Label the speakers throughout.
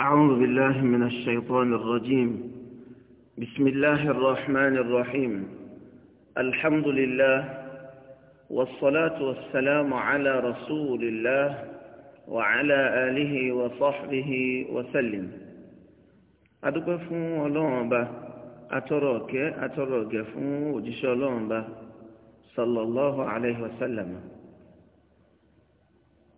Speaker 1: أعوذ بالله من الشيطان الرجيم بسم الله الرحمن الرحيم الحمد لله والصلاة والسلام على رسول الله وعلى آله وصحبه وسلم أدوك فون ولومبا أتروك أتروك فون وجيش صلى الله عليه وسلم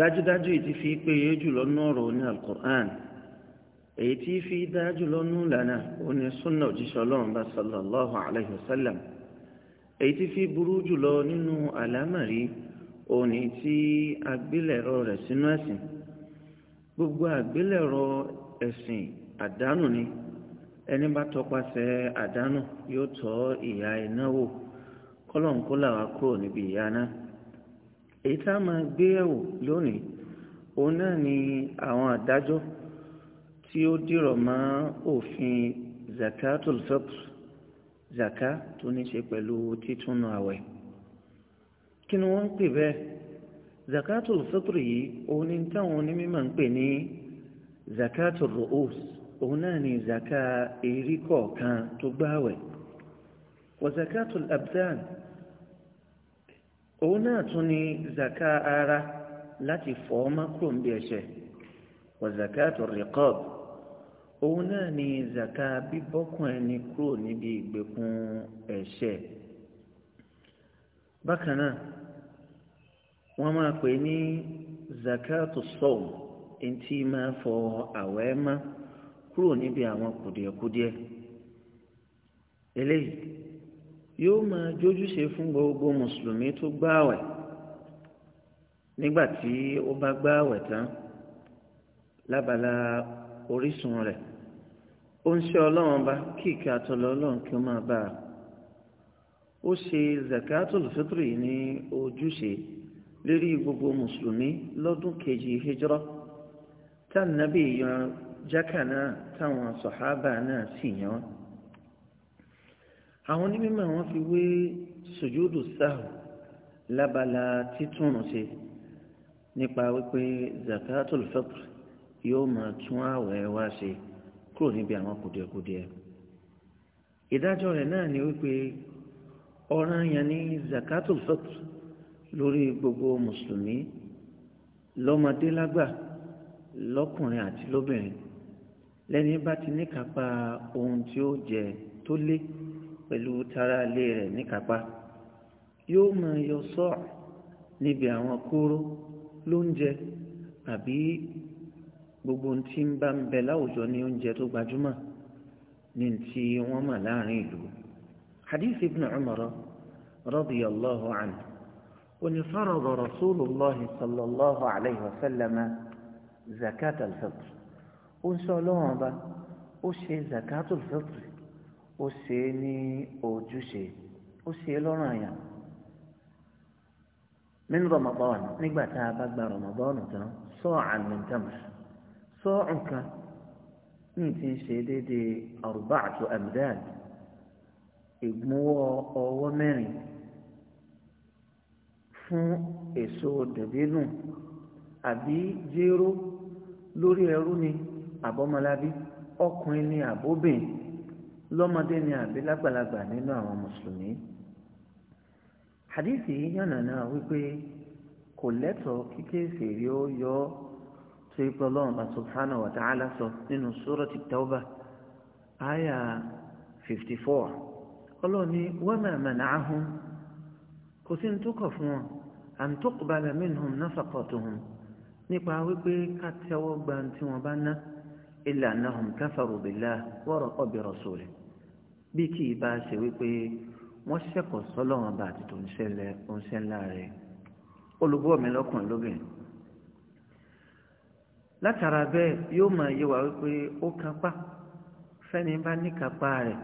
Speaker 1: dájúdájú ìdí fi pé yéjú من القرآن èyí tí fi dáa jùlọ nù lànà òní súnà òjíṣẹ́ ọlọ́run bá sallallahu alayhi wa sallam èyí tí fi burú jùlọ nínú àlámàrí òní tí agbélẹ̀rọ rẹ̀ sínú ẹ̀sìn gbogbo àgbélẹ̀rọ ẹ̀sìn àdánù ni ẹni bá tọpasẹ̀ àdánù yóò tọ́ ìyà iná wò wa kúrò níbi ìyà náà èyí tá a máa gbé yẹ̀wò lónìí òun náà ni àwọn àdájọ́ tí ó dìrọ̀ mọ́ òfin zakatul fitr zaka tó ní ṣe pẹ̀lú títúnu àwẹ̀ kí ni wọ́n ń pè bẹ́ẹ̀ zakatul fitr yìí òun ni táwọn onímọ̀ ń pè ní zakatul ru'us òun náà ni zaka èrí kọ̀ọ̀kan tó gbáwẹ̀ wa zakatul abdan òun náà tún ni zaka ara láti fọ́ ọmọ kúrò ń bí ẹ̀ṣẹ̀ wa zakatul òun náà ni zaka bíbọ́kùn ẹni kúrò níbi ìgbèkùn ẹ̀ṣẹ̀ bákan náà wọ́n máa pè ní zakatu sọ́ọ̀m etí máa fọ àwẹ̀ mọ́ kúrò níbi àwọn kùdìẹ̀kudiẹ̀ eléyìí yóò máa jójúṣe fún gbogbo mùsùlùmí tó gbààwẹ̀ nígbà tí ó bá gbààwẹ̀ tán lábala orísun rẹ̀ ó ń ṣe ọlọ́run bá kíkì àtọ̀lọ́ ọlọ́run kí ó máa bá a ó ṣe zakatul fitri ní ojúṣe lérí gbogbo mùsùlùmí lọ́dún kejì hijra tánàbí yan jákà náà táwọn sọ̀hábà náà sì yan àwọn onímọ̀ wọn fi wé sùjúdù sáà lábala títúnù ṣe nípa wípé zakatul fitri yóò máa tún àwẹ̀ wá ṣe kúrò níbi àwọn kùdìẹ̀kùdìẹ̀ ìdájọ́ rẹ̀ náà ni wípé ọ̀ràn yẹn ní zakatul fitr lórí gbogbo mùsùlùmí lọ́mọdé lágbà lọ́kùnrin àti lóbìnrin lẹ́ni bá ti níkápá ohun tí ó jẹ tó lé pẹ̀lú tara ilé rẹ̀ níkápá yóò máa yọ sọ́ọ̀ níbi àwọn kóró lóúnjẹ àbí gbogbo ohun tí ń bá ń bẹ láwùjọ ní oúnjẹ tó gbajúmọ̀ ní ti wọ́n mọ̀ láàrin ìlú hadith ibn umar radiyallahu anhu ونفرض رسول الله صلى الله عليه وسلم زكاة الفطر ونسألوها بقى وشي زكاة الفطر وشيني أوجوشي وشي لونايا من رمضان نقبع تابق برمضان صاعا من تمر sọ́ọ̀nka nka ti ń ṣe déédéé arba'atu amdad ìgbúnwọ́ ọwọ́ mẹ́rin fún èso dàbínù àbí jéró lórí ẹrú ni àbọ́mọlábí ọkùnrin ni àbóbìn lọ́mọdé ni hadithi yìí yànnàná o tó yí pé ọlọ́run bá subhanahu wa ta'ala sọ nínú surati tawba àyà fifty four ọlọ́run ní wa ma mana'ahum kò sí ní tó kọ̀ fún wọn an tuqbala minhum nafaqatuhum nípa wípé ká tẹ́wọ́ gba tí wọ́n bá ná illa annahum kafaru billah wa bi rasulih bí kì í bá ṣe wípé wọ́n ṣẹ̀kọ̀ sọ́lọ́run bá àti tòun ṣẹlẹ̀ rẹ̀ olùgbọ́ mi lọ́kùnrin lóbìnrin látara bẹ́ẹ̀ yóò máa yé wa wípé ó kápá fẹ́ni bá níkápá rẹ̀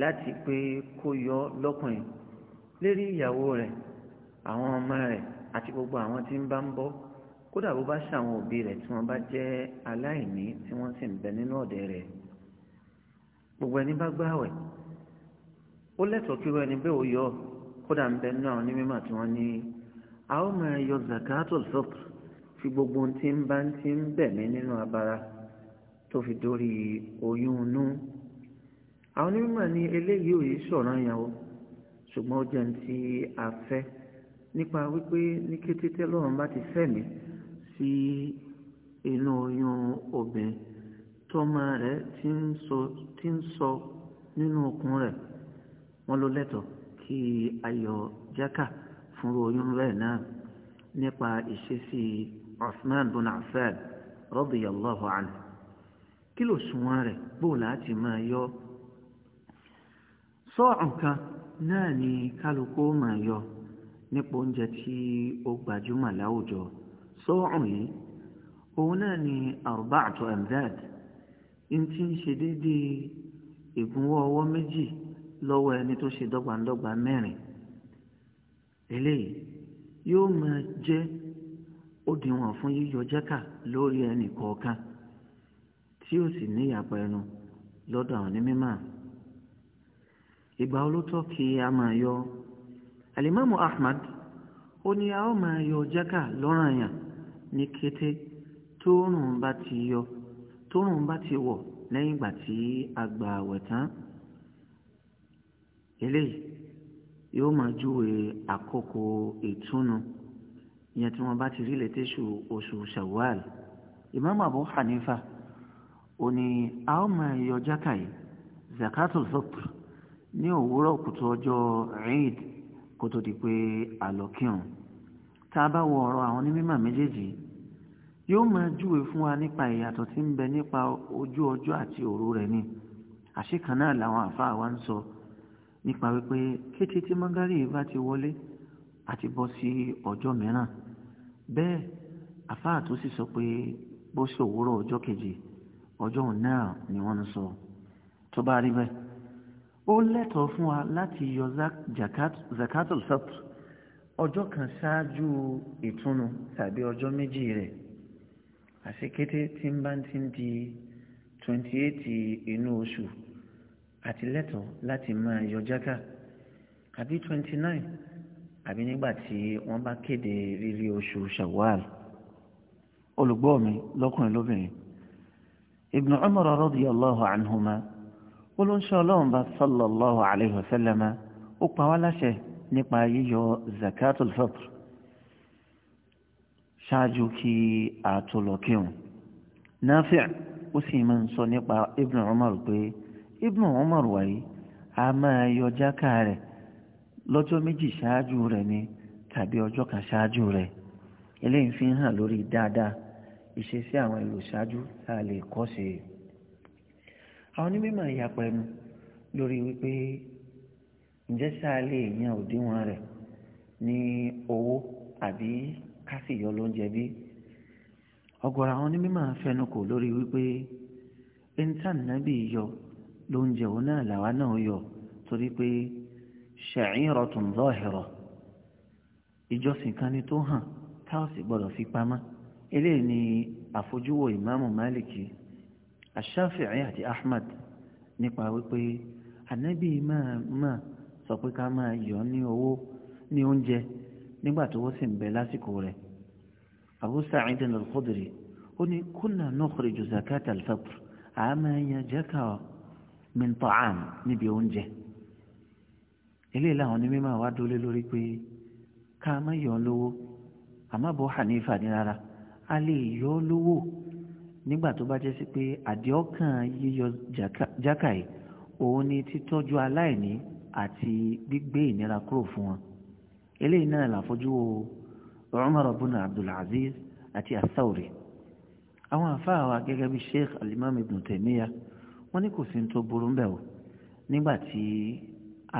Speaker 1: láti pé kó yọ lọ́kùnrin lérí ìyàwó rẹ̀ àwọn ọmọ rẹ̀ àti gbogbo àwọn tí ń bá ń bọ́ kódà bó bá ṣàwọn òbí rẹ̀ tí wọ́n bá jẹ́ aláìní tí wọ́n sì ń bẹ nínú ọ̀dẹ rẹ̀ gbogbo ẹni bá gbààwẹ̀ ó lẹ́tọ̀ọ́ kí wọ́n ẹni bẹ́ẹ̀ ó yọ kódà ń bẹ nínú àwọn onímọ̀ tí wọ́n ní a ó máa yọ zakatul fitr tí gbogbo ohun tí ń bá ń ti ń bẹ̀ mí nínú abara tó fi dórí oyún inú àwọn onímọ̀ ní eléyìí ò yí sọ̀rọ̀ yẹn o ṣùgbọ́n ó jẹun tí a fẹ́ nípa wípé ní kété tẹ́lọ́run bá ti fẹ́ mi sí inú oyún obìnrin tọ́mọ rẹ̀ ti ń sọ nínú okùn rẹ̀ wọ́n ló lẹ́tọ̀ọ́ kí ayọ̀ jákà fún oyún rẹ̀ náà. nípa ìṣesí osman bin Affan radiyallahu anhu kí ló sunwọ̀n rẹ̀ gbóò láti máa yọ sọ́ọ̀n kan náà ni kálukú máa yọ nípa oúnjẹ tí ó gbajúmọ̀ láwùjọ sọ́ọ̀n yìí òun náà ni arba'atu amdad n ti ń ṣe déédéé ìgúnwọ́ ọwọ́ méjì lọ́wọ́ ẹni tó ṣe dọ́gbandọ́gba mẹ́rin eléyìí yóò máa je òdiwọ̀n fún yíyọ jákà lórí ẹnì kọ̀ọ̀kan tí ó sì ní ìyàpá ẹnu lọdọ àwọn igba ìgbà olótọ́ kí a máa yọ alimami Ahmad ó ní a ó máa yọ jákà lọ́ranyàn ní kété tóòrùn bá ti yọ tóòrùn bá ti wọ̀ lẹ́yìn ìgbà tí a gbà tán eléyìí yóò máa júwe àkókò ìtúnu ìyẹn tí wọ́n bá ti rí lẹ́tẹ̀sù oṣù Shawwal ìmáàmù Abu Hanifa ó ní a ó zakatul fitr ní òwúrọ̀ kùtù ọjọ́ eid kó tó di pé àlọ́kírun tá a bá wọ ọ̀rọ̀ àwọn onímọ̀ méjèèjì yóò máa júwe fún wa nípa ìyàtọ̀ tí ń bẹ nípa ojú ọjọ́ àti òru rẹ̀ ni àṣìkan náà làwọn àfáà wa ń sọ. So nípa wípé kété tí mọ́ngárì bá ti wọlé àti bọ́ sí ọjọ́ mìíràn bẹ́ẹ̀ àfáà tó sì sọ pé bó ṣe òwúrọ̀ ọjọ́ kejì ọjọ́ náà ni wọ́n ń sọ tó bá rí bẹ́ẹ̀ ó lẹ́tọ̀ọ́ fún wa láti yọ zakatul fitr ọjọ́ kan ṣáájú ìtúnu tàbí ọjọ́ méjì rẹ̀ àṣekété tí ń bá ti ń di twenty eight inú oṣù àti lẹ́tọ̀ọ́ láti máa yọ jáká àbí twenty nine àbí nígbà tí wọ́n bá kéde rírí oṣù Shawwal olùgbọ́ mi lọ́kùnrin lóbìnrin Ibn Umar radiyallahu anhuma olóńṣẹ́ ọlọ́run bá sallallahu alayhi wa sallama ó pa wá láṣẹ nípa yíyọ zakatul fitr ṣáájú kí àtòlọ́kẹ́hùn Nafi' ó sì máa ń sọ nípa Ibn Umar pé. ibnu umar wáyé a máa yọ jáká rẹ̀ lọ́jọ́ méjì ṣáájú rẹ ni tàbí ọjọ kan ṣáájú rẹ eléyìí fi ń hàn lórí dáadáa ìṣesí àwọn ìlú ṣáájú tá a lè kọ́ sí i. àwọn onímọ̀ ìyapa ẹnu lórí wípé ǹjẹ́ sáà lè òdiwọ̀n rẹ̀ ní owó àbí kásìyọ lóúnjẹ bí ọ̀gọ̀rọ̀ àwọn onímọ̀ lórí wípé lóúnjẹ òun náà làwa náà yọ torí pé sha'iratun zahira ìjọsìn kan ni tó hàn tá ò sì gbọdọ̀ fi pamọ́ eléyìí ni àfojúwò ìmáàmù Málìkì Ash-Shafi'i àti Ahmad nípa wípé ànábì máa máa sọ pé ká máa yọ ní owó ní oúnjẹ nígbà tó wọ́n sì ń bẹ lásìkò rẹ̀ Abu Sa'id ó ní kunna nukhriju zakata al-fitr àmọ́ ẹ̀yàn jẹ́ka ọ̀ min ta'am níbi oúnjẹ eléyìí làwọn ní mímọ́ àwa dúró lórí pé ká má yọ ọ́ lówó àmọ́ bọ́ hànífà ní rárá a lè yọ ọ́ lówó nígbà tó bá jẹ́ sí pé àdéhọ́kàn yíyọ jákàì òun ni títọ́jú aláìní àti gbígbé ìnira kúrò fún wọn eléyìí náà làfojúwò Umar ibn Abdul Aziz àti Athawri àwọn àfáà wa gẹ́gẹ́ bí Sheikh Al-Imam Ibn wọ́n ní kò sí tó burú ń bẹ̀ o nígbà tí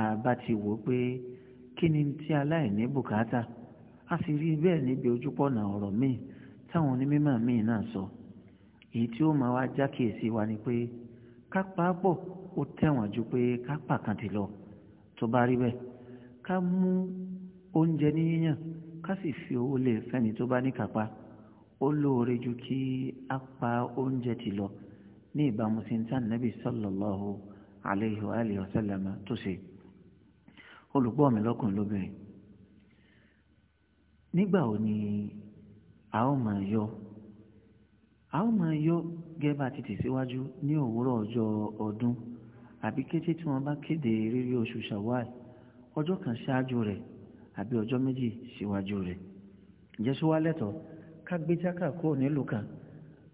Speaker 1: a bá ti wò ó pé kí ni tí aláìní bùkátà a sì rí bẹ́ẹ̀ níbi ojúpọ̀nà ọ̀rọ̀ míì táwọn onímọ̀ míì náà sọ èyí tí ó máa wá jákèsí wa ni pé kápá bọ̀ ó tẹ̀wọ̀n ju pé kápá kan lọ tó bá rí bẹ́ẹ̀ ká mú oúnjẹ ní yíyàn ká sì fi owó lè fẹ́ni tó bá ní kápá ó lóore ju kí á pa oúnjẹ ti lọ. ní ìbámu sí ní sáà nàbì sallallahu alayhi wa alihi wa sallam tó ṣe olùgbọ́ mi lọ́kùnrin lóbìnrin nígbà wo ni a ó máa yọ a ó máa yọ gẹ́gẹ́ bá ti tẹ̀síwájú ní òwúrọ̀ ọjọ́ ọdún àbí kété tí wọ́n bá kéde rírí oṣù Ṣawwal ọjọ́ kan ṣáájú rẹ̀ àbí ọjọ́ méjì síwájú rẹ̀ ǹjẹ́ ká gbé jákà kúrò nílùú kan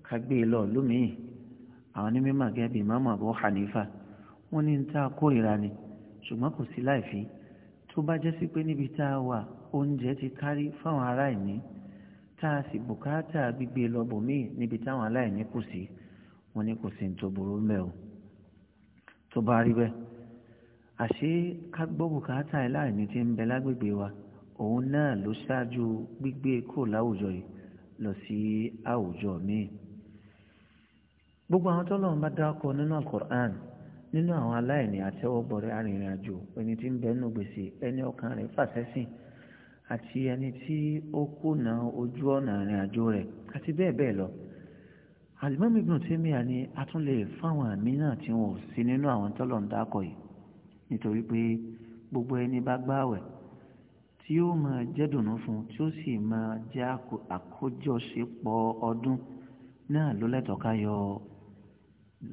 Speaker 1: ká gbé e lọ lómìí àwọn ní mímọ̀ gẹ́gẹ́ bí Imam Abu Hanifa wọ́n ní ta kórìíra ni ṣùgbọ́n kò sí láìfí tó bá jẹ́ sí pé níbi tá a wà oúnjẹ ti kárí fáwọn aláìní tá a sì bùkátà gbígbé lọ́bọ̀míì níbi táwọn aláìní kù sí wọ́n ní kò sí ní tó burú mẹ́ o tó bá rí bẹ́ẹ̀ àṣé ká gbọ́ bùkátà aláìní tí ń bẹ lágbègbè wa òun náà ló ṣáájú gbígbé kò láwùjọ yìí lọ sí àwùjọ míì gbogbo àwọn tọ́lọ́run bá dákọ̀ nínú alukur'an nínú àwọn aláìní àtẹ́wọ́gbọ̀rẹ́ arìnrìnàjò ẹni tí ń bẹ gbèsè ẹni ọkàn rẹ̀ fàṣẹ́sìn àti ẹni tí ó kùnà ojú ọ̀nà arìnrìnàjò rẹ̀ àti bẹ́ẹ̀ bẹ́ẹ̀ lọ alimami ibn timiya ni a tún lè fáwọn àmì náà tí wọn ò sí nínú àwọn tọ́lọ́run dákọ̀ yìí nítorí pé gbogbo ẹni bá gbààwẹ̀ tí ó máa jẹ́ dùnú fún tí ó sì máa jẹ́ àkójọṣepọ̀ ọdún náà ló lẹ́tọ̀ọ́ ká yọ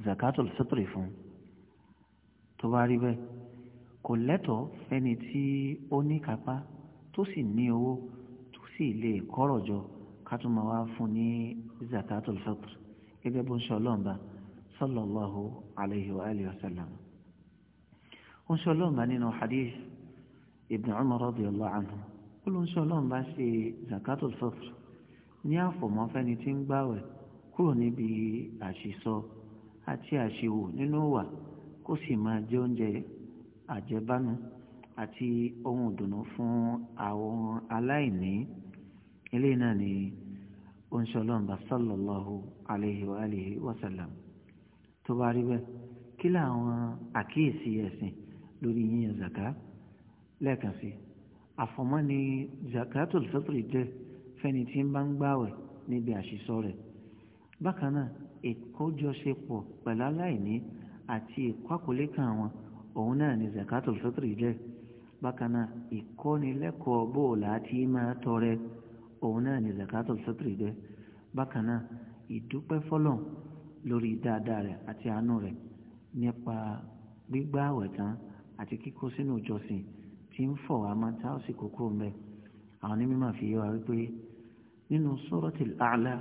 Speaker 1: zakatul fitri fún tó bá rí bẹ́ẹ̀ kò lẹ́tọ̀ọ́ fẹ́ni tí ó ní kápá tó sì ní owó tó sì lè kọ́rọ̀ jọ ká tún máa wá fún ní zakatul fitri gẹ́gẹ́ bó ń ṣe ọlọ́ọ̀ba sallallahu alayhi wa alihi wa sallam ó ń ṣe ọlọ́ọ̀ba nínú hadith ibn umar radiyallahu anhu ó ń ṣe ọlọ́ọ̀ba ṣe zakatul fitri ní àfọ̀mọ́fẹ́ni tí ń gbàwẹ̀ kúrò níbi àṣìṣọ́ àti àṣewò nínú wà kó sì máa jẹ oúnjẹ àjẹbánu àti ohun ìdùnnú fún àwọn aláìní eléyìí náà ni ó ń ṣọlọ́nba wa alihi wa sallam tó bá rí bẹ́ẹ̀ kí làwọn àkíyèsí ẹ̀sìn lórí yíyan zaka lẹ́ẹ̀kan sí àfọ̀mọ́ni zakatul fitri jẹ́ fẹ́ni tí ń bá ń gbààwẹ̀ níbi àṣìṣọ́ rẹ̀ bákan náà ìkójọṣepọ̀ pẹ̀lú aláìní àti ìkọ́kùlé kan wọn òun náà ni zakatul fitri jẹ́ bákan náà ìkọ́nilẹ́kọ̀ọ́ bóòlù àti máa tọrẹ òun náà ni zakatul fitri jẹ́ bákan náà ìdúpẹ́ fọlọ́n lórí dáadáa rẹ̀ àti àánú rẹ̀ nípa gbígbá àwẹ̀ tán àti kíkó sínú ìjọsìn tí ń fọ̀ wá tá ó sì kókó ń bẹ̀ àwọn onímọ̀ fi yé wípé nínú suratul a'la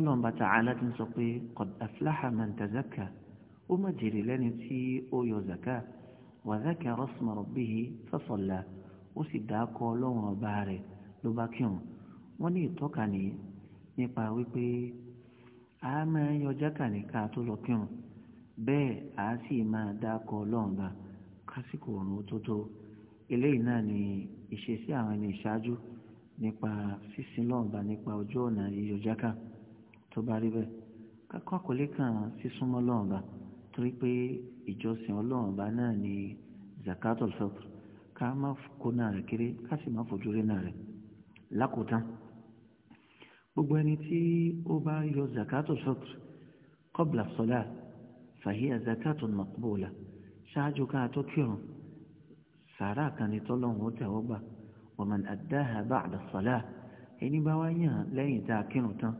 Speaker 1: tọ́lọ́n bàtà aláti ń sọ pé qad aflaha man tazakka ó má jèrè lẹ́ni tí ó yọ zaka wa zakara isma rabbihi fa salla ó sì dákọ́ ọlọ́run ọba rẹ̀ ló bá kírun wọ́n ní ìtọ́ka ní nípa wípé a máa yọ jákà ní ká tó lọ kírun bẹ́ẹ̀ a sì máa dákọ́ ọlọ́run bá kásìkò òrùn tó eléyìí náà ni ìṣesí àwọn ẹni ìṣáájú nípa sísin lọ́ọ̀bà nípa ojú ọ̀nà yíyọ jákà tó bá rí bẹ́ẹ̀ kákọ́ àkọlé kan sísúnmọ́ ọlọ́run ọba torí pé ìjọsìn ọlọ́run ọba náà ni zakatul fitr ká má kó náà rẹ̀ kéré ká sì má fojú rí náà rẹ̀ lákòótán gbogbo ẹni tí ó bá yọ zakatul fitr qabla salat fahiya zakatun maqbula ṣáájú ká tó kírun sàárà kan ní ó tẹ̀wọ́ gbà wa man addaha ba'da salat ẹni bá wá yàn lẹ́yìn tá a kírun tán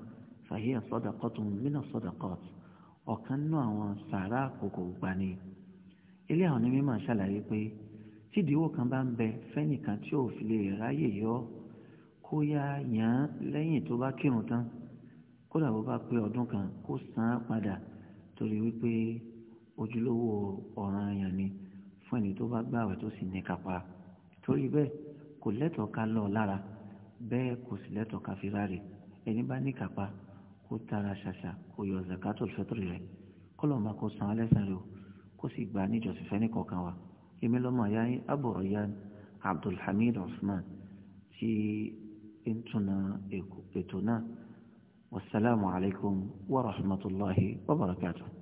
Speaker 1: fàyè àsọdàkọtù mìíràn sọdàkọt ọ̀kan nínú àwọn sàrà àkókò gbani ilé àwọn ní mímọ̀ ṣàlàyé pé tídìíwò kan bá ń bẹ fẹ́nìkan tí ò fi lè ráyè yọ kó yá yàn án lẹ́yìn tó bá kírun tán kódà bó bá pé ọdún kan kó san án padà torí wípé ojúlówó ọ̀ràn yàn ni fún ẹni tó bá gbààwẹ̀ tó sì ní kápá torí bẹ́ẹ̀ kò lẹ́tọ̀ọ́ ká lọ lára bẹ́ẹ̀ kò sì lẹ́tọ̀ọ́ ká fi ráre ẹni bá ní kápá kó tara ṣàṣà kó yọ zakato fẹtọrì rẹ kọlọmọ kó san alẹsàn rẹ o kó sì gba níjọsìn fẹni kọ̀ọ̀kan wa èmi lọmọ ya yín abọrọ ya abdulhamid usman ti ń túnà ètò náà wasalaamualeykum wa rahmatulahi wa barakatuh.